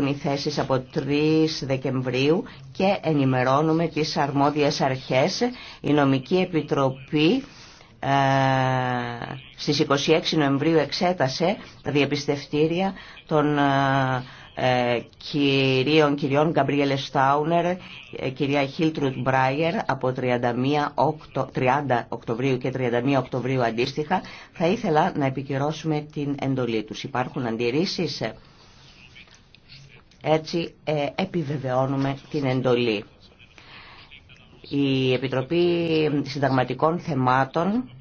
οι θέσεις από 3 Δεκεμβρίου και ενημερώνουμε τις αρμόδιες αρχές. Η Νομική Επιτροπή ε, στις 26 Νοεμβρίου εξέτασε τα διαπιστευτήρια των ε, κυρίων κυριών Γκαμπριέλε Στάουνερ, ε, κυρία Χίλτρουτ Μπράιερ από 31 30 Οκτωβρίου και 31 Οκτωβρίου αντίστοιχα. Θα ήθελα να επικυρώσουμε την εντολή τους. Υπάρχουν αντιρρήσεις... Έτσι ε, επιβεβαιώνουμε την εντολή. Η Επιτροπή Συνταγματικών Θεμάτων